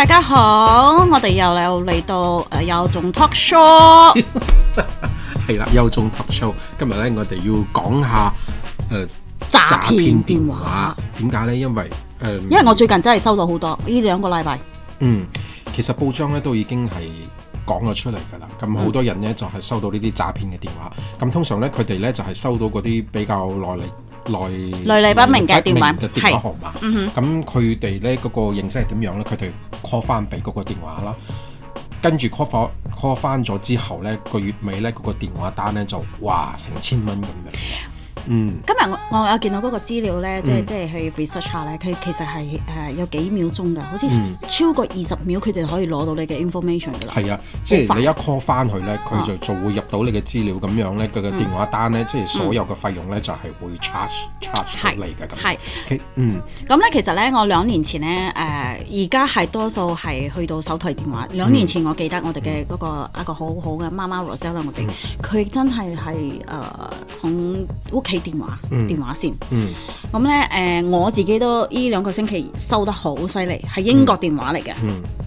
大家好，我哋又來又嚟到誒，有、呃、種 talk show，係啦， 有種 talk show。今日咧，我哋要講下誒、呃、詐騙電話，點解咧？因為誒，呃、因為我最近真係收到好多呢兩個禮拜。嗯，其實報章咧都已經係講咗出嚟噶啦，咁好多人咧就係、是、收到呢啲詐騙嘅電話。咁通常咧，佢哋咧就係、是、收到嗰啲比較耐嚟。來來歷不明嘅電話號碼，咁佢哋咧嗰個形式係點樣咧？佢哋 call 翻俾嗰個電話啦，跟住 call call 翻咗之後咧，個月尾咧嗰個電話單咧，就哇成千蚊咁樣。嗯，今日我我有見到個資料咧，即係即係去 research 下咧，佢其實係誒有幾秒鐘噶，好似超過二十秒，佢哋可以攞到你嘅 information 噶啦。係啊，即係你一 call 翻佢咧，佢就就會入到你嘅資料咁樣咧，佢嘅電話單咧，即係所有嘅費用咧就係會 charge charge 嚟嘅咁。係，嗯，咁咧其實咧，我兩年前咧誒而家係多數係去到手提電話。兩年前我記得我哋嘅個一個好好嘅媽媽 Rosella，我哋佢真係係誒響屋企。電話，電話先。咁咧，誒，我自己都呢兩個星期收得好犀利，係英國電話嚟嘅。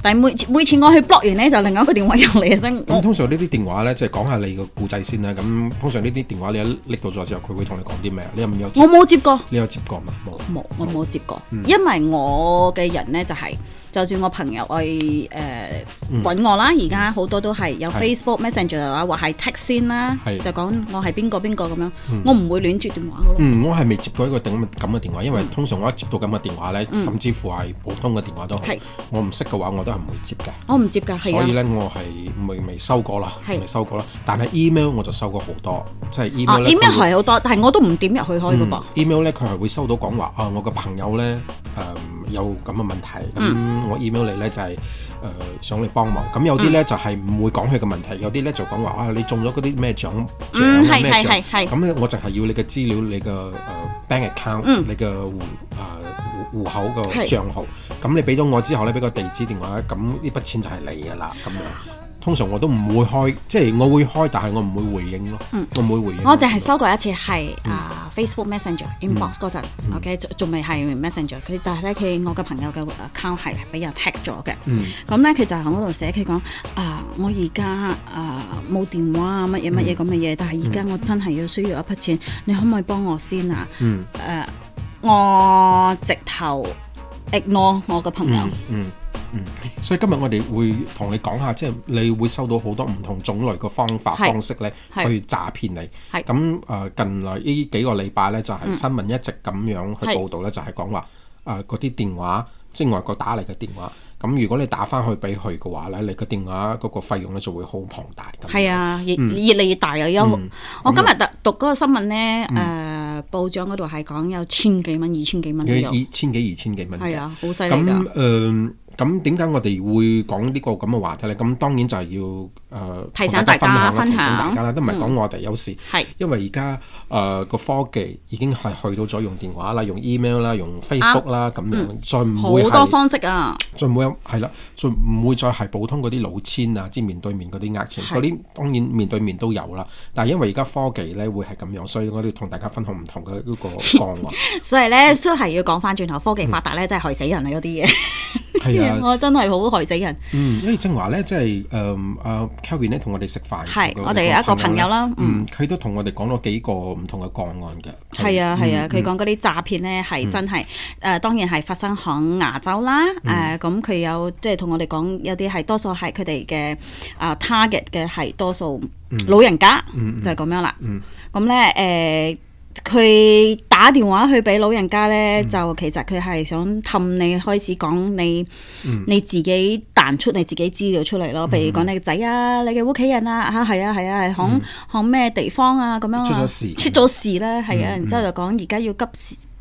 但係每每次我去 block 完咧，就另外一個電話入嚟嘅聲。咁通常呢啲電話咧，即係講下你個故仔先啦。咁通常呢啲電話你一拎到咗之後，佢會同你講啲咩啊？你有冇接過？我冇接過。你有接過嘛？冇，我冇接過。因為我嘅人咧就係。就算我朋友去誒揾我啦，而家好多都係有 Facebook Messenger 嘅話，或係 text 先啦，就講我係邊個邊個咁樣，我唔會亂接電話咯。嗯，我係未接過一個咁嘅咁嘅電話，因為通常我一接到咁嘅電話咧，甚至乎係普通嘅電話都好，我唔識嘅話我都係唔會接嘅。我唔接㗎，所以咧我係未未收過啦，未收過啦。但係 email 我就收過好多，即係 email。email 係好多，但係我都唔點入去開個噃。email 咧佢係會收到講話啊，我嘅朋友咧誒有咁嘅問題我 email 你咧就係、是、誒、呃、想你幫忙，咁有啲咧、嗯、就係唔會講佢嘅問題，有啲咧就講話啊你中咗嗰啲咩獎咩獎，嗯係係係，咁我淨係要你嘅資料、你嘅誒、呃、bank account、嗯、你嘅戶誒戶口個帳號，咁是你俾咗我之後咧俾個地址電話，咁呢筆錢就係你嘅啦，咁樣。通常我都唔會開，即係我會開，但係我唔會回應咯。嗯、我唔會回應。我淨係收過一次，係啊。嗯嗯 Facebook Messenger inbox 嗰陣，OK，仲未係 Messenger，佢但係咧佢我嘅朋友嘅 account 係俾人 hack 咗嘅，咁咧佢就喺嗰度寫佢講啊，我而家啊冇電話啊乜嘢乜嘢咁嘅嘢，什麼什麼嗯、但係而家我真係要需要一筆錢，你可唔可以幫我先啊？誒、嗯呃，我直頭 ignore 我嘅朋友。嗯嗯嗯，所以今日我哋會同你講下，即係你會收到好多唔同種類嘅方法、是方式咧，是去詐騙你。咁誒是、呃，近來呢幾個禮拜咧，就係、是、新聞一直咁樣去報道咧，是就係講話誒嗰啲電話，即係外國打嚟嘅電話。咁如果你打翻去俾佢嘅話咧，你個電話嗰個費用咧就會好龐大。咁係啊，越嚟越大嘅憂。因為我今日讀嗰個新聞咧，誒報章嗰度係講有千幾蚊、二千幾蚊二千幾、二千幾蚊。係啊，好細㗎。咁誒咁點解我哋會講呢個咁嘅話題咧？咁當然就係要誒提醒大家分享，提醒大家啦，都唔係講我哋有事。係因為而家誒個科技已經係去到咗用電話啦、用 email 啦、用 Facebook 啦咁樣，再好多方式啊，再唔會。係啦，就唔會再係普通嗰啲老千啊，即面對面嗰啲呃錢，嗰啲當然面對面都有啦。但係因為而家科技咧會係咁樣，所以我哋同大家分享唔同嘅嗰個個案。所以咧都係要講翻轉頭，科技發達咧真係害死人啊！嗰啲嘢係啊，我真係好害死人。嗯，因為正話咧即係誒阿 Kelvin 咧同我哋食飯，我哋有一個朋友啦。佢都同我哋講咗幾個唔同嘅個案嘅。係啊係啊，佢講嗰啲詐騙咧係真係誒，當然係發生喺亞洲啦。誒咁佢。有即係同我哋講，有啲係，多數係佢哋嘅啊 target 嘅係多數老人家、mm. 嗯、就係咁樣啦。咁咧誒，佢、呃、打電話去俾老人家咧，就其實佢係想氹你開始講你、mm. 你自己彈出你自己資料出嚟。咯。譬如講你嘅仔啊，你嘅屋企人啊，吓係啊係啊係，響咩地方啊咁樣出咗事，出咗事啦係啊。然之後就講而家要急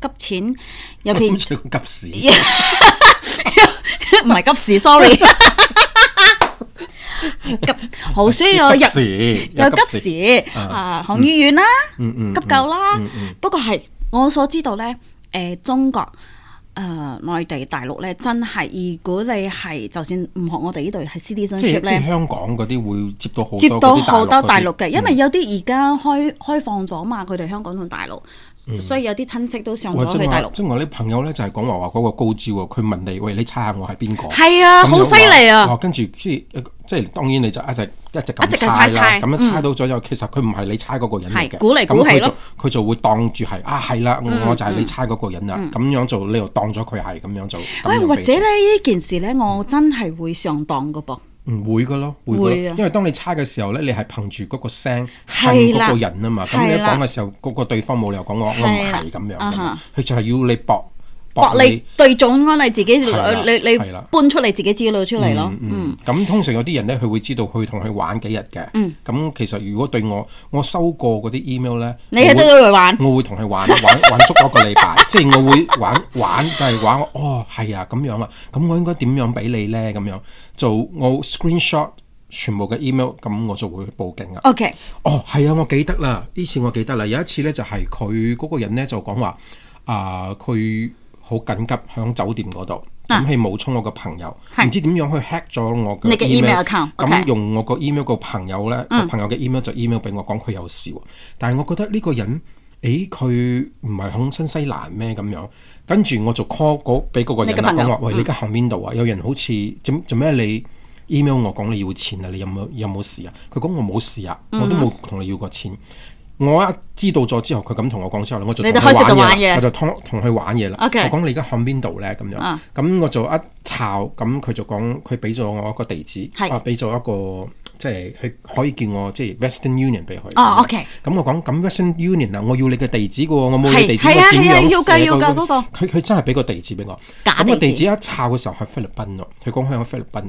急錢，有啲急事。即唔係急時，sorry， 急好需要入，有，有急時，有急時啊，啊行醫院啦，嗯、急救啦。嗯嗯嗯、不過係我所知道咧，誒、呃、中國。誒，內、呃、地大陸咧，真係如果你係就算唔學我哋呢對係 C D 親戚咧，CD，即係香港嗰啲會接到好多，接到好多大陸嘅，嗯、因為有啲而家開開放咗嘛，佢哋香港同大陸，嗯、所以有啲親戚都上咗去大陸。即係我啲朋友咧就係講話話嗰個高招啊，佢問你，喂，你猜下我係邊個？係啊，好犀利啊！跟住即、呃即係當然你就一直一直咁猜啦，咁樣猜到咗又其實佢唔係你猜嗰個人嚟嘅，咁佢就佢就會當住係啊係啦，我就係你猜嗰個人啊，咁樣做你又當咗佢係咁樣做。或者咧呢件事咧，我真係會上當噶噃？唔會噶咯，會會。因為當你猜嘅時候咧，你係憑住嗰個聲，猜嗰個人啊嘛。咁你一講嘅時候，嗰個對方冇理由講我我唔係咁樣嘅，佢就係要你博。博你，你對種，安你自己，的你你搬出嚟自己知道出嚟咯。嗯，咁、嗯嗯、通常有啲人咧，佢會知道去同佢玩幾日嘅。咁、嗯、其實如果對我，我收過嗰啲 email 咧、嗯，會你去都同佢玩，我會同佢玩玩玩足一個禮拜， 即係我會玩玩就係、是、玩哦，係啊，咁樣啊，咁我應該點樣俾你咧？咁樣做我 screenshot 全部嘅 email，咁我就會去報警啊。OK，哦，係啊，我記得啦，呢次我記得啦，有一次咧就係佢嗰個人咧就講話啊，佢、呃。呃好緊急喺酒店嗰度，咁去冒充我個朋友，唔是知點樣去 hack 咗我嘅 email account 咁、okay. 用我個 email 個朋友呢，個、嗯、朋友嘅 email 就 email 俾我，講佢有事喎、啊。但係我覺得呢個人，誒佢唔係喺新西蘭咩咁樣？跟住我就 call 個俾嗰個人啦講話，喂，你而家行邊度啊？嗯、有人好似做做咩你 email 我講你要錢啊？你有冇有冇事啊？佢講我冇事啊，我都冇同你要過錢。嗯我一知道咗之後，佢咁同我講之後，我就你開始喺玩嘢，我就同佢玩嘢啦。Okay. 我講你而家喺邊度咧？咁樣咁、uh. 嗯，我就一抄，咁、嗯、佢就講，佢俾咗我一個地址，我俾咗一個即係佢可以叫我即係 Western Union 俾佢。哦，O K。咁、嗯嗯嗯嗯、我講咁 Western Union 啊，我要你嘅地址嘅喎，我冇你地址是我要樣寫？佢佢真係俾個地址俾我。咁個地、嗯嗯嗯、地址一抄嘅時候係菲律賓咯，佢講香我菲律賓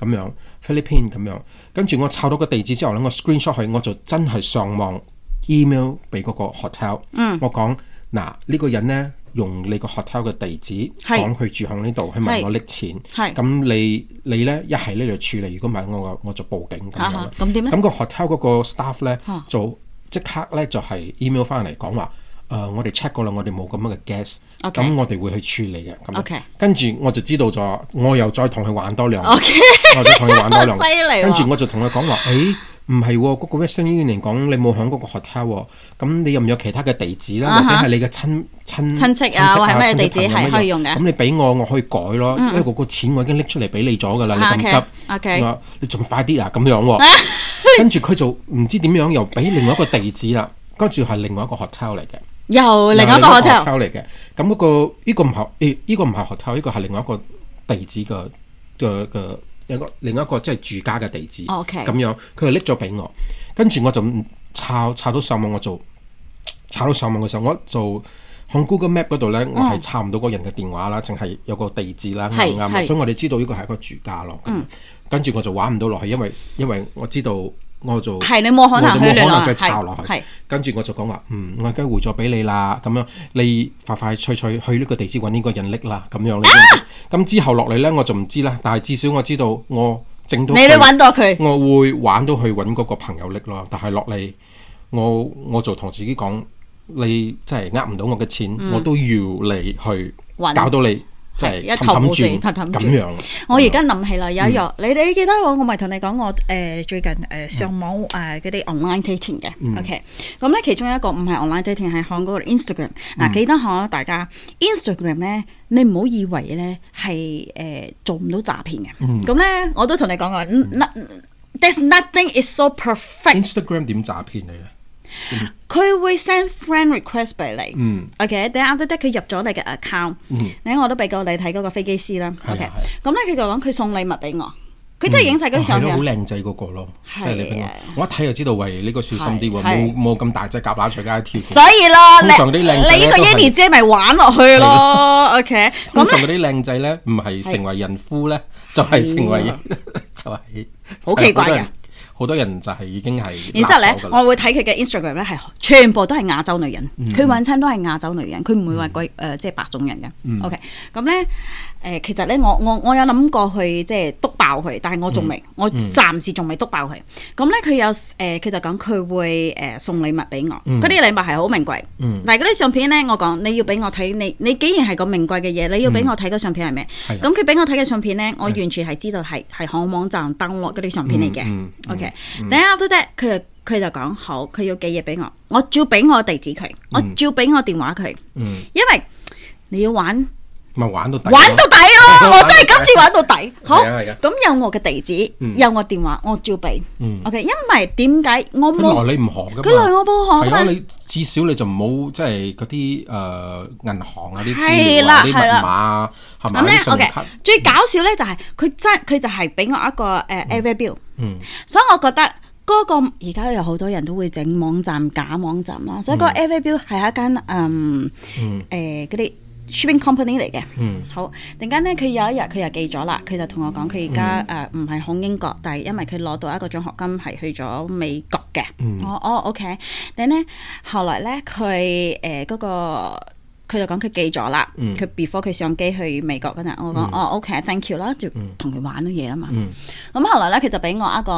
咁樣菲律 i l 咁樣，跟住我抄到個地址之後咧，我 Screenshot 去，我就真係上網。email 俾嗰個 hotel，我講嗱呢個人呢，用你個 hotel 嘅地址講佢住喺呢度，佢問我搦錢，咁你你呢一係呢就處理，如果唔係我我就報警咁樣。咁點咧？咁個 hotel 嗰個 staff 呢，就即刻呢，就係 email 翻嚟講話，誒我哋 check 過啦，我哋冇咁樣嘅 guest 咁我哋會去處理嘅。跟住我就知道咗，我又再同佢玩多兩，我同佢玩多兩，跟住我就同佢講話，誒。唔係嗰個 Western Union 嚟講，你冇響嗰個學校，咁你有唔有其他嘅地址啦？Uh huh. 或者係你嘅親親親戚啊，戚啊或者咩地址係、啊、可以用嘅？咁你俾我，我可以改咯，嗯、因為嗰個錢我已經拎出嚟俾你咗噶啦，你咁急 okay. Okay. 你仲快啲啊！咁樣、哦， 跟住佢就唔知點樣又俾另外一個地址啦，跟住係另外一個學校嚟嘅，又，又，又另外一個學校嚟嘅。咁、那、嗰個呢個唔係，呢、欸、呢、這個唔係學校，呢個係另外一個地址嘅嘅嘅。.另一個即係住家嘅地址，咁 Okay. 樣佢就拎咗俾我，跟住我就查查到上網，我就查到上網嘅時候，我就喺 Google Map 嗰度咧，嗯、我係查唔到個人嘅電話啦，淨係有個地址啦咁、嗯、樣，所以我哋知道呢個係一個住家咯。嗯、跟住我就玩唔到落去，因為因為我知道。我就係你冇可能，我就冇可能再炒落去。跟住我就講話，嗯，我而家回咗俾你啦。咁樣你快快脆脆去呢個地址揾呢個人搦啦。咁樣咁、啊、之後落嚟呢，我就唔知啦。但係至少我知道我整到你到，你揾到佢，我會玩到去揾嗰個朋友力咯。但係落嚟我我就同自己講，你真係呃唔到我嘅錢，嗯、我都要你去搞到你。係一頭霧水，咁樣。我而家諗起啦，有一樣，你哋記得我，我咪同你講我誒最近誒上網誒嗰啲 online dating 嘅，OK。咁咧其中一個唔係 online dating，係看嗰個 Instagram。嗱，記得看啦，大家 Instagram 咧，你唔好以為咧係誒做唔到詐騙嘅。咁咧我都同你講過，There's nothing is so perfect。Instagram 點詐騙你咧？佢會 send friend request 俾你，OK 等下得得佢入咗你嘅 account，嗯，你我都俾過你睇嗰個飛機師啦，OK，咁咧佢就講佢送禮物俾我，佢真係影晒嗰啲相。好靚仔嗰個咯，即係禮物，我一睇就知道，喂，呢個小心啲，冇冇咁大隻夾乸出街跳，所以咯，通常嗰啲靚，你呢個 Eddie 姐咪玩落去咯，OK，通常嗰啲靚仔咧，唔係成為人夫咧，就係成為，就係好奇怪嘅。好多人就係已經係，然之後咧，我會睇佢嘅 Instagram 咧，係全部都係亞洲女人，佢揾親都係亞洲女人，佢唔會話貴誒、嗯呃，即係白種人嘅。嗯、OK，咁咧。誒，其實咧，我我我有諗過去即係篤爆佢，但係我仲未，我暫時仲未督爆佢。咁咧，佢有誒，佢就講佢會誒送禮物俾我，嗰啲禮物係好名貴。但係嗰啲相片咧，我講你要俾我睇，你你既然係個名貴嘅嘢，你要俾我睇嗰相片係咩？咁佢俾我睇嘅相片咧，我完全係知道係係喺網站登錄嗰啲相片嚟嘅。OK but after that，佢佢就講好，佢要寄嘢俾我，我照俾我地址佢，我照俾我電話佢。因為你要玩。咪玩到底咯！我真係今次玩到底。好，咁有我嘅地址，有我電話，我照俾。O K，因為點解我冇？佢你唔學噶佢耐我都學。係啊，你至少你就唔好即係嗰啲誒銀行啊啲資料啊啲密碼啊係嘛？咁咧 O K，最搞笑咧就係佢真佢就係俾我一個誒 a v r i l w 嗯，所以我覺得嗰個而家有好多人都會整網站假網站啦，所以個 a v r v i l w 係一間嗯誒啲。shipping company 嚟嘅，好，突然間咧，佢有一日佢又寄咗啦，佢就同我講，佢而家誒唔係響英國，但係因為佢攞到一個獎學金，係去咗美國嘅。哦哦，OK。但係咧，後來咧，佢誒嗰個，佢就講佢寄咗啦。佢 before 佢上機去美國嗰陣，我講哦，OK，thank you 啦，就同佢玩啲嘢啊嘛。咁後來咧，佢就俾我一個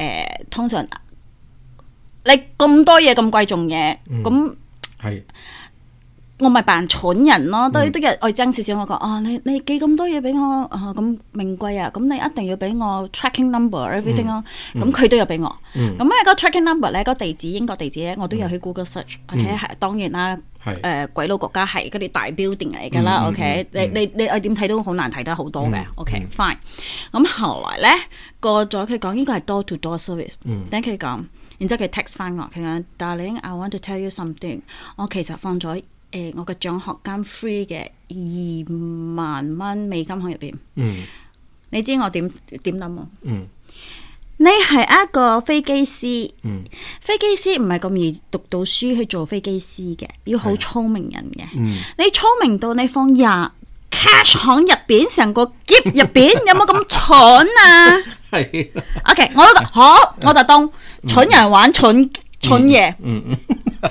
誒，通常你咁多嘢咁貴重嘢，咁係。我咪扮蠢人咯，都都日我爭少少，我講，哦，你你寄咁多嘢俾我咁名貴啊，咁你一定要俾我 tracking number everything 咯，咁佢、嗯嗯、都有俾我咁，嗯嗯那個 tracking number 咧，個地址英國地址咧，我都有去 Google search ok、嗯、當然啦誒是、呃、鬼佬國家係啲大 building 嚟噶啦 ok 你你你點睇都好難睇得好多嘅 ok fine 咁後來咧，過咗佢講應該係 door to door service 但佢講，然之後佢 text 翻我，佢講 Darling, I want to tell you something 我其實放咗誒、欸，我個獎學金 free 嘅二萬蚊美金喺入邊。嗯，你知我點點諗？啊、嗯，你係一個飛機師。嗯，飛機師唔係咁易讀到書去做飛機師嘅，要好聰明人嘅。嗯、你聰明到你放廿卡 a 入邊，成 個篋入邊，有冇咁蠢啊？係、 okay。O K，我好，我就當蠢人玩蠢蠢嘢。嗯。嗯。嗯嗯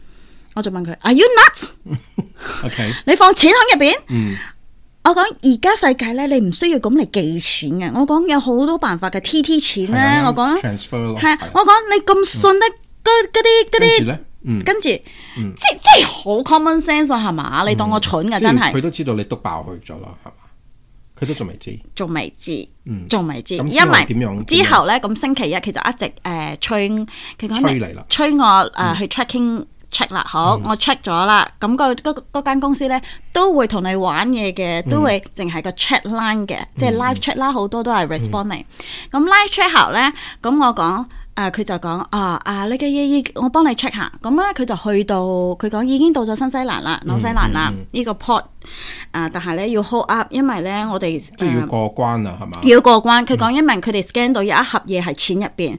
我就問佢，Are you nuts？你放錢喺入邊？我講而家世界咧，你唔需要咁嚟寄錢嘅。我講有好多辦法嘅，T T 錢啦。我講，係啊，我講你咁信得嗰啲嗰啲，跟住即係即係好 common sense 啊，係嘛？你當我蠢㗎真係。佢都知道你督爆去咗啦，係嘛？佢都仲未知，仲未知，嗯，仲未知，因為點樣之後咧？咁星期一佢就一直誒催，佢講催催我誒去 tracking。check 啦，好，我 check 咗啦。咁個嗰嗰間公司咧，都會同你玩嘢嘅，都會淨係個 chat line 嘅，即係 live chat 啦，好多都係 responding。咁 live chat 後咧，咁我講，誒，佢就講，啊啊，你嘅嘢我幫你 check 下。咁咧，佢就去到，佢講已經到咗新西蘭啦，紐西蘭啦呢個 port，啊，但係咧要 hold up，因為咧我哋要過關啦，係嘛？要過關，佢講因為佢哋 scan 到有一盒嘢係錢入邊。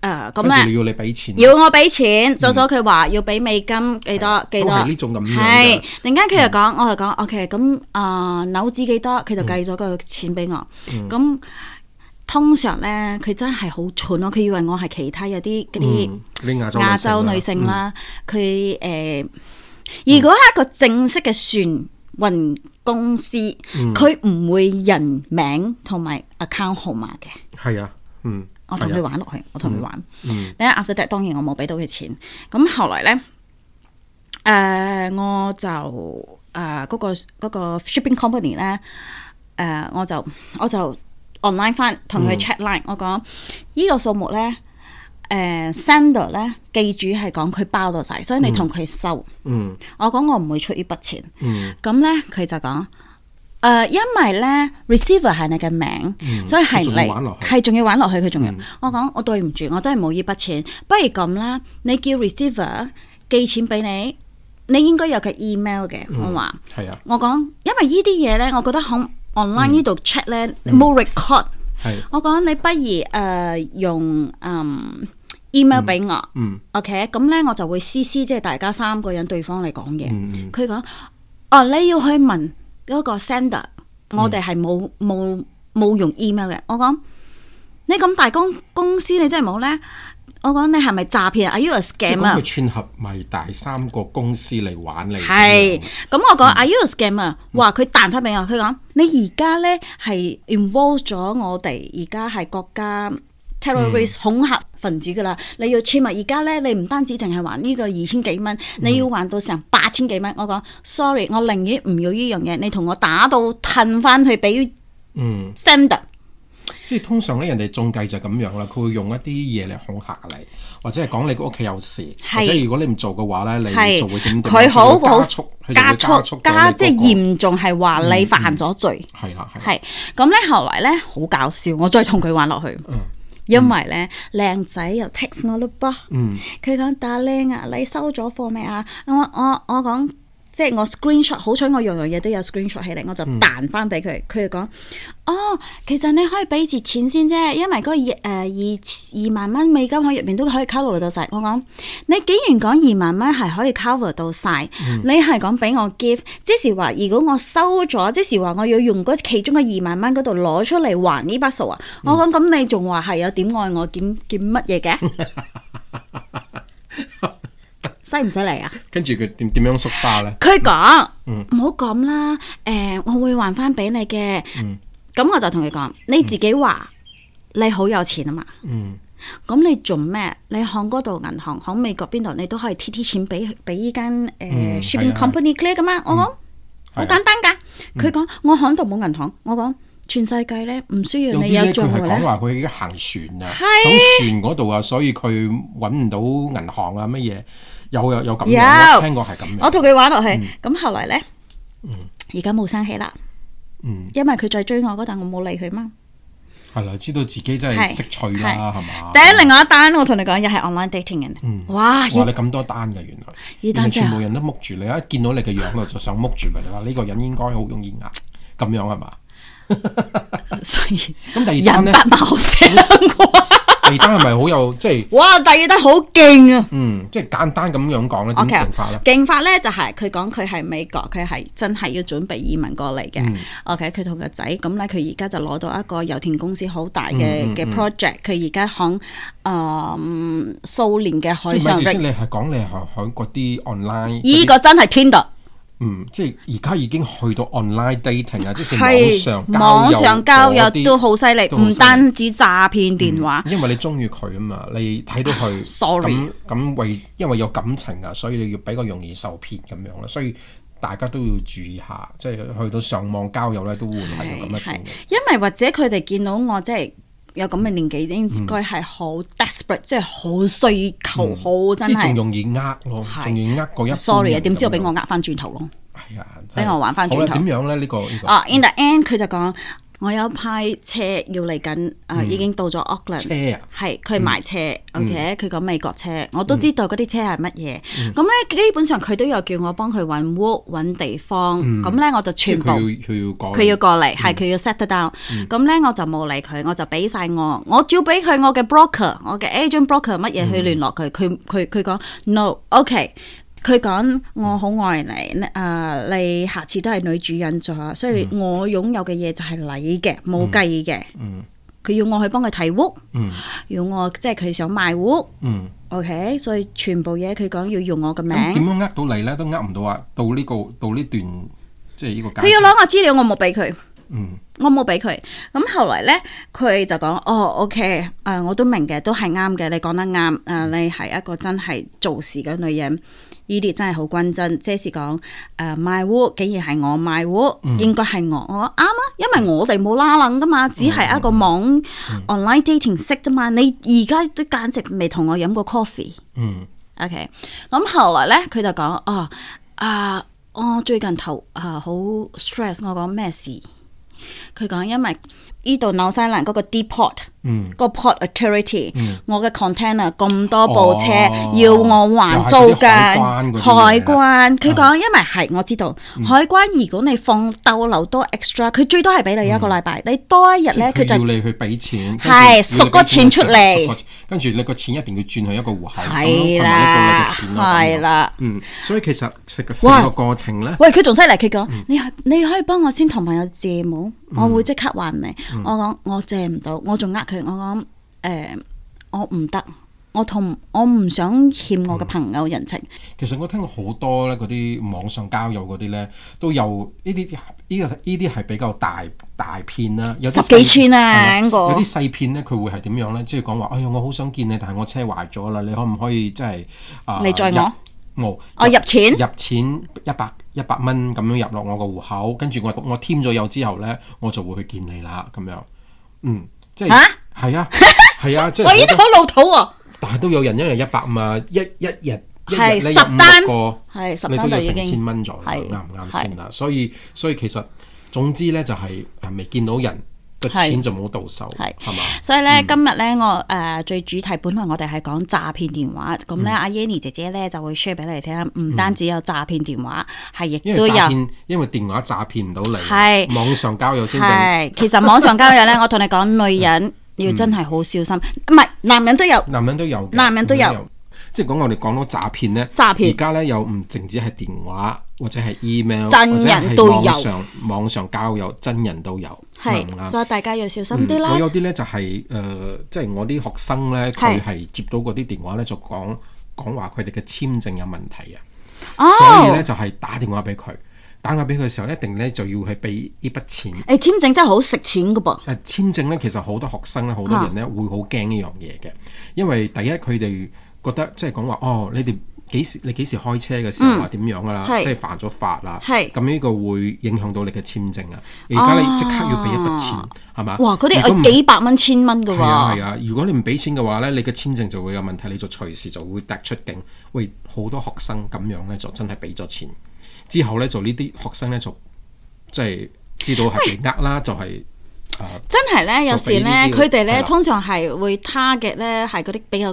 誒，咁咧要你俾錢，要我俾錢，做咗佢話要俾美金幾多幾多，係，突然間佢就講，我就講，OK，咁誒扭紙幾多，佢就計咗個錢俾我，咁通常咧，佢真係好蠢咯，佢以為我係其他有啲嗰啲亞洲女性啦，佢誒，如果係一個正式嘅船運公司，佢唔會人名同埋 account 號碼嘅，係啊，嗯。我同佢玩落去，的我同佢玩。第一 after that 當然我冇俾到佢錢。咁後來咧，誒、呃、我就誒嗰、呃那個、那個、shipping company 咧，誒、呃、我就我就 online 翻同佢 check line，line、嗯、我講依、這個數目咧，誒、呃、sender 咧記住係講佢包到晒，所以你同佢收。嗯，我講我唔會出依筆錢。嗯，咁咧佢就講。誒，因為咧，receiver 係你嘅名，所以係你係仲要玩落去佢仲要。我講我對唔住，我真係冇呢筆錢，不如咁啦，你叫 receiver 寄錢俾你，你應該有佢 email 嘅。我話係啊，我講因為呢啲嘢咧，我覺得好 online 呢度 check 咧冇 record。係我講你不如誒用嗯 email 俾我。OK 咁咧我就會 CC，即係大家三個人對方嚟講嘢。佢講哦，你要去問。Er, 有一個 sender，我哋係冇冇冇用 email 嘅。我講，你咁大公公司你，你真係冇咧。我講你係咪詐騙 Are you a scam 啊？佢串合咪大三個公司嚟玩你。係是，咁樣我講、嗯、Are you a scam 啊？話佢彈翻俾我，佢講，你而家咧係 involve 咗我哋，而家係國家。Terrorist 恐嚇分子噶啦，你要簽物而家咧，你唔單止淨係還呢個二千幾蚊，你要還到成八千幾蚊。我講，sorry，我寧願唔要呢樣嘢，你同我打到褪翻去俾嗯 sender。即係通常咧，人哋中計就咁樣啦，佢會用一啲嘢嚟恐嚇你，或者係講你個屋企有事，或者如果你唔做嘅話咧，你做會點？佢好加即係嚴重係話你犯咗罪。係啦，係咁咧，後來咧好搞笑，我再同佢玩落去。因為咧，靚、嗯、仔又 text 我嘞噃，佢講大靚啊，ling, 你收咗貨未啊？我我我講。即係我 screen shot，好彩我樣樣嘢都有 screen shot 起嚟，我就彈翻俾佢。佢、嗯、就講：哦、oh,，其實你可以俾住錢先啫，因為嗰二誒二二萬蚊美金喺入邊都可以 cover 到晒。我講你竟然講二萬蚊係可以 cover 到晒，嗯、你係講俾我 give？即時話如果我收咗，即時話我要用其中嘅二萬蚊嗰度攞出嚟還呢筆數啊？我講咁、嗯、 你仲話係有點愛我，點點乜嘢嘅？ 犀唔犀利啊？跟住佢點點樣縮沙咧？佢講：唔好咁啦，誒、呃，我會還翻俾你嘅。嗯，咁我就同佢講：你自己話、嗯、你好有錢啊嘛。嗯，咁你做咩？你喺嗰度銀行，喺美國邊度，你都可以貼啲錢俾俾依間誒 shipping company 咧咁啊？我講好簡單噶。佢講我喺度冇銀行，我講。全世界咧，唔需要你有做嘅咧。有啲咧佢係講話佢已經行船啊，咁船嗰度啊，所以佢搵唔到銀行啊乜嘢，又有有咁樣，聽過係咁樣。我同佢玩落去，咁後來咧，而家冇生氣啦。因為佢再追我嗰單，我冇理佢嘛。係啦，知道自己真係識趣啦，係嘛。第一另外一單，我同你講又係 online dating 人。哇，哇你咁多單嘅原來。而全部人都木住你，一見到你嘅樣就就想木住你啦。呢個人應該好容易壓，咁樣係嘛？ 所以咁第二單咧，人不貌相。第二單係咪好有即係？哇，第二單好勁啊！嗯，即係簡單咁樣講咧點樣法咧？勁、okay, 法咧就係佢講佢係美國，佢係真係要準備移民過嚟嘅。嗯、OK，佢同個仔咁咧，佢而家就攞到一個油田公司好大嘅嘅、嗯嗯、project，佢而家響誒蘇聯嘅海上嘅。唔，你係講你係響嗰啲 online。依個真係 Tinder。嗯，即係而家已經去到 online dating 啊，即係網上交友都好犀利，唔單止詐騙電話、嗯。因為你中意佢啊嘛，你睇到佢，咁咁為因為有感情啊，所以你要比較容易受騙咁樣咯，所以大家都要注意下，即係去到上網交友咧都係有咁嘅情況。因為或者佢哋見到我即係。就是有咁嘅年紀應該係好 desperate、嗯、即係好需求，好、嗯、真係。即係仲容易呃咯，仲要呃過一。sorry 啊，點知之後俾我呃翻轉頭咯？係啊，俾我玩翻轉頭。我點樣咧？呢個呢個。哦、呢個 uh，in the end 佢、嗯、就講。我有派車要嚟緊，誒已經到咗 Oakland。車啊，係佢賣車，OK，佢講美國車，我都知道嗰啲車係乜嘢。咁咧，基本上佢都有叫我幫佢揾屋揾地方。咁咧，我就全部佢要佢過嚟，係佢要 set down。咁咧，我就冇理佢，我就俾晒我，我照俾佢我嘅 broker，我嘅 agent broker 乜嘢去聯絡佢。佢佢佢講 no，OK。佢講我好愛你，誒、呃，你下次都係女主人做，所以我擁有嘅嘢就係你嘅，冇計嘅。嗯，佢要我去幫佢睇屋，嗯，要我即係佢想賣屋，嗯，OK，所以全部嘢佢講要用我個名。咁點樣呃到你咧都呃唔到啊？到呢個到呢段即係呢個。佢要攞我資料，我冇俾佢。嗯，我冇俾佢。咁後來咧，佢就講，哦，OK，誒、呃，我都明嘅，都係啱嘅，你講得啱。誒，你係一個真係做事嘅女人。呢啲真係好均真，即係講誒賣屋，uh, world, 竟然係我賣屋，world, 嗯、應該係我，我啱啊，因為我哋冇拉楞㗎嘛，嗯、只係一個網、嗯、online dating 識啫、嗯、嘛。你而家都簡直未同我飲過 coffee。嗯，OK，咁後來咧，佢就講啊啊，我、啊啊、最近頭啊好 stress，我講咩事？佢講因為呢度紐西蘭嗰個 depot 嗯，個 port authority，我嘅 container 咁多部車要我還租㗎海關，佢講因為係我知道海關，如果你放逗留多 extra，佢最多係俾你一個禮拜，你多一日咧，佢就要你去俾錢，係贖個錢出嚟，跟住你個錢一定要轉去一個戶口。係啦，係啦，嗯，所以其實食個成個過程咧，喂，佢仲犀利，佢講你你可以幫我先同朋友借冇？我會即刻還你，我講我借唔到，我仲呃。我講，誒、呃，我唔得，我同我唔想欠我嘅朋友人情，嗯。其實我聽過好多咧，嗰啲網上交友嗰啲咧，都有呢啲，呢個呢啲係比較大大片啦。有十幾千啊，個有啲細片咧，佢會係點樣咧？即係講話，哎呀，我好想見你，但係我車壞咗啦，你可唔可以即係啊？呃、你再講，冇啊，入錢入錢一百一百蚊咁樣入落我個戶口，跟住我我添咗油之後咧，我就會去見你啦，咁樣嗯，即係。啊。係啊，係啊，即係。我已經好老土喎。但係都有人一日一百嘛，一一日一日單個，係十單就已經千蚊咗，啱唔啱先啦？所以所以其實總之咧就係未見到人嘅錢就冇到手，係嘛？所以咧今日咧我誒最主題本來我哋係講詐騙電話，咁咧阿 Yanny 姐姐咧就會 share 俾你聽，唔單止有詐騙電話，係亦都有因為詐騙，因為電話詐騙唔到你，係網上交友先。其實網上交友咧，我同你講女人。要真係好小心，唔係男人都有，男人都有，男人都有，男人都有，嗯、有即係講我哋講到詐騙呢，詐騙而家呢，又唔淨止係電話或者係 email，真人都有，上網上交友真人都有，係，所以大家要小心啲啦。嗯、我有啲呢，就係、是、誒、呃，即係我啲學生呢，佢係接到嗰啲電話呢，就講講話佢哋嘅簽證有問題啊，是所以呢，就係、是、打電話俾佢。打壓俾佢嘅時候，一定咧就要係俾呢筆錢。誒、哎，簽證真係好食錢㗎噃。誒、啊，簽證咧其實好多學生咧，好多人咧會好驚呢樣嘢嘅，因為第一佢哋覺得即係講話哦，你哋幾時你幾時開車嘅時候點、嗯、樣噶啦，是即係犯咗法啦，咁呢是個會影響到你嘅簽證啊。而家你即刻要俾一筆錢，係嘛、啊？吧哇！嗰啲幾百蚊、千蚊㗎喎。啊，啊如果你唔俾錢嘅話咧，你嘅簽證就會有問題，你就隨時就會踢出境。喂，好多學生咁樣咧就真係俾咗錢。之後咧，就呢啲學生咧，就即係知道係被呃啦，哎、就係、是、誒。呃、真係咧，有時咧，佢哋咧通常係會 target 咧，係嗰啲比較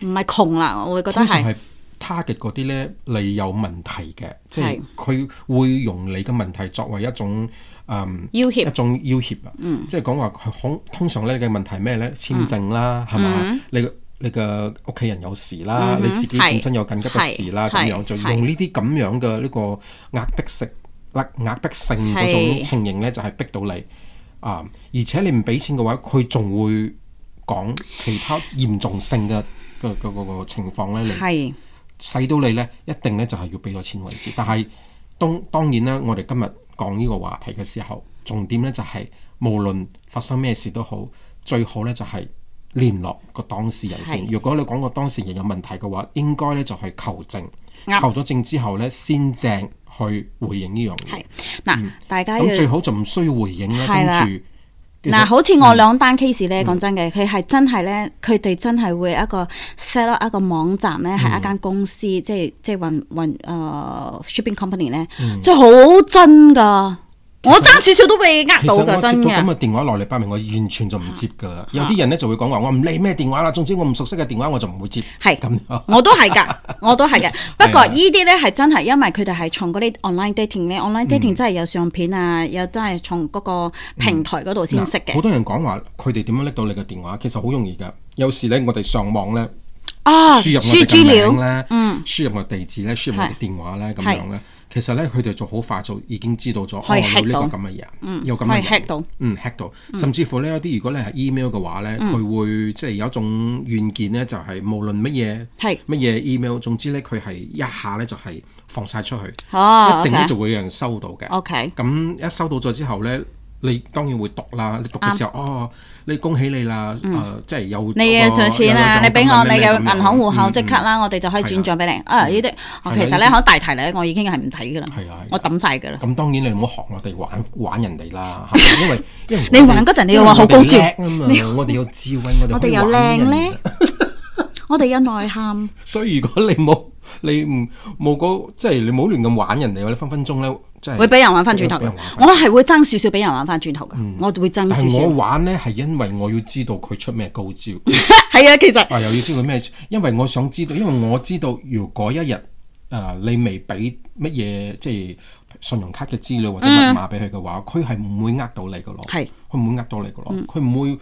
唔係窮啦，我會覺得係。通常係 target 嗰啲咧，你有問題嘅，即係佢會用你嘅問題作為一種誒、呃、要挾 脅。一種要挾啊，嗯、即係講話佢好通常咧你嘅問題咩咧？簽證啦，係嘛、嗯吧？你。嗯你嘅屋企人有事啦，嗯、哼你自己本身有緊急嘅事啦，咁是樣是就用呢啲咁樣嘅呢個壓迫性、壓是迫性嗰種情形咧，就係、是、逼到你是啊！而且你唔俾錢嘅話，佢仲會講其他嚴重性嘅嘅嗰個情況咧，嚟是使到你咧，一定咧就係要俾到錢為止。但係當當然啦，我哋今日講呢個話題嘅時候，重點咧就係、是、無論發生咩事都好，最好咧就係、是。聯絡個當事人先。是如果你講個當事人有問題嘅話，應該咧就係、是、求證，嗯、求咗證之後咧先正去回應呢樣嘢。嗱，大家咁、嗯、最好就唔需要回應啦。跟住嗱，好似我兩單 case 咧，講、嗯、真嘅，佢係真係咧，佢哋真係會一個 set up、嗯、一個網站咧，係一間公司，嗯、即係即係運運誒 shipping company 咧，即係好、呃、真㗎。嗯嗯我爭少少都被呃到噶，真係。咁嘅電話來嚟，擺明，我完全就唔接噶啦。有啲人咧就會講話，我唔理咩電話啦，總之我唔熟悉嘅電話我就唔會接。係咁我都係噶，我都係嘅。不過呢啲咧係真係，因為佢哋係從嗰啲 online dating 咧，online dating 真係有相片啊，又真係從嗰個平台嗰度先識嘅。好多人講話佢哋點樣拎到你嘅電話，其實好容易噶。有時咧，我哋上網咧，啊，輸入我嘅名咧，輸入我地址咧，輸入我電話咧，咁樣咧。其實咧，佢哋做好快就已經知道咗，哦，有呢個咁嘅嘢，有咁嘅嘢，嗯，hack 到，甚至乎呢，一啲，如果你係 email 嘅話咧，佢會即係有一種軟件咧，就係無論乜嘢，係乜嘢 email，總之咧佢係一下咧就係放晒出去，一定咧就會有人收到嘅。OK，咁一收到咗之後咧，你當然會讀啦，你讀嘅時候，哦。你恭喜你啦！誒，即係有你嘅存錢啦！你俾我，你嘅銀行戶口即刻啦，我哋就可以轉賬俾你。啊，呢啲其實咧，可能大題嚟，我已經係唔睇噶啦。係啊，我抌曬噶啦。咁當然你唔好學我哋玩玩人哋啦，因為因為你玩嗰陣，你要話好高招啊嘛！我哋有智慧，我哋我哋有靚咧，我哋有內涵。所以如果你冇你唔冇個即係你冇亂咁玩人哋，你分分鐘咧。會俾人玩翻轉頭嘅，頭我係會爭少少俾人玩翻轉頭噶，嗯、我會爭少少。我玩呢係、嗯、因為我要知道佢出咩高招。係 啊，其實啊，又要知佢咩？因為我想知道，因為我知道，如果一日誒、呃、你未俾乜嘢，即、就、係、是、信用卡嘅資料或者密碼俾佢嘅話，佢係唔會呃到你噶咯。係是，佢唔會呃到你噶咯，佢唔、嗯、會。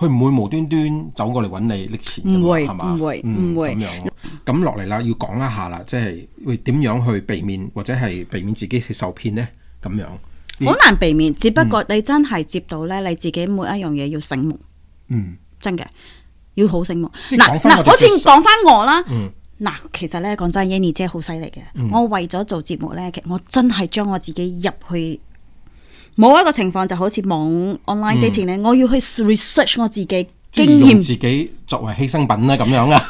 佢唔會無端端走過嚟揾你拎錢，係嘛？唔會唔會咁樣咁落嚟啦，要講一下啦，即係會點樣去避免或者係避免自己去受騙呢？咁樣好難避免，只不過你真係接到呢，你自己每一樣嘢要醒目，嗯，真嘅要好醒目。嗱嗱，好似講翻我啦，嗱，其實呢，講真，Yenny 姐好犀利嘅，我為咗做節目呢，我真係將我自己入去。冇一個情況就好似網 online dating 咧，我要去 research 我自己經驗，自己作為犧牲品啦，咁樣啊，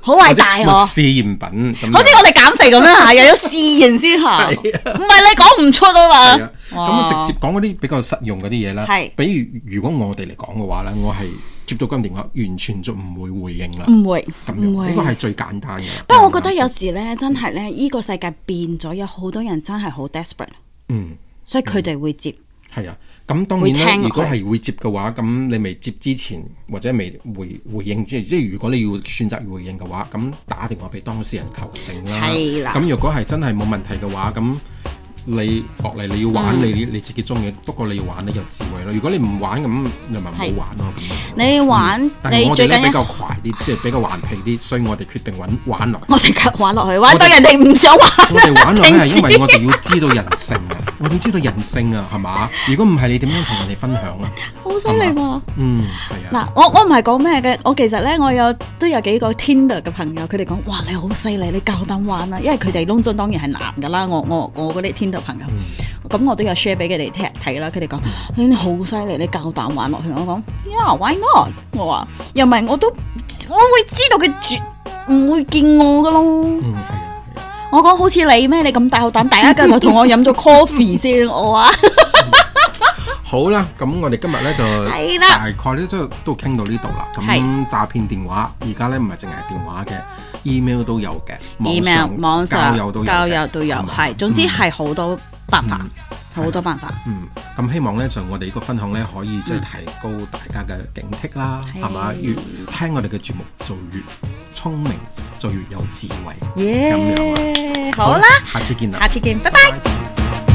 好偉大嗬！試驗品，好似我哋減肥咁樣吓，又有試驗先係，唔係你講唔出啊嘛？咁直接講嗰啲比較實用嗰啲嘢啦，係，比如如果我哋嚟講嘅話咧，我係接到嗰個電話，完全就唔會回應啦，唔會咁樣，呢個係最簡單嘅。不過我覺得有時咧，真係咧，呢個世界變咗，有好多人真係好 desperate，嗯。所以佢哋會接，係啊，咁當然啦。如果係會接嘅話，咁你未接之前或者未回回應之前，即係如果你要選擇回應嘅話，咁打電話俾當事人求證啦。係啦，咁如果係真係冇問題嘅話，咁你落嚟，你要玩你你自己中意，不過你要玩咧有智慧咯。如果你唔玩咁，又咪唔好玩咯。你玩，我哋咧比較快啲，即係比較頑皮啲，所以我哋決定玩落去。我哋玩落去，玩到人哋唔想玩。我哋玩落去係因為我哋要知道人性。我都知道人性啊，係嘛？如果唔係，你點樣同人哋分享啊？好犀利嘛！嗯，係啊。嗱，我我唔係講咩嘅，我其實咧，我有都有幾個 Tinder 嘅朋友，佢哋講，哇，你好犀利，你夠膽玩啊！因為佢哋 London 當然係男噶啦，我我我嗰啲 Tinder 朋友，咁、嗯我，啊嗯、我，我都有 share 俾佢哋睇睇啦。佢哋講，你好犀利，你夠膽玩落去。我講 y why not？我話又唔係我都我會知道佢絕唔會見我噶咯。嗯我講好似你咩？你咁大口膽，第一句就同我飲咗 coffee 先， 我的話。好啦，咁我哋今日咧就係啦，大概咧即都傾到呢度啦。咁詐騙電話而家咧唔係淨係電話嘅，email 都有嘅，email 網上，網上交友都有，交友都有，係吧，對總之係好多辦法、嗯。嗯好多辦法。嗯，咁希望咧就我哋呢個分享咧，可以即係提高大家嘅警惕啦，係嘛、嗯？越聽我哋嘅節目就越聰明，就越，越有智慧。咁 Yeah 樣、啊、好啦，好啦下次見啦，下次見，bye bye 拜拜。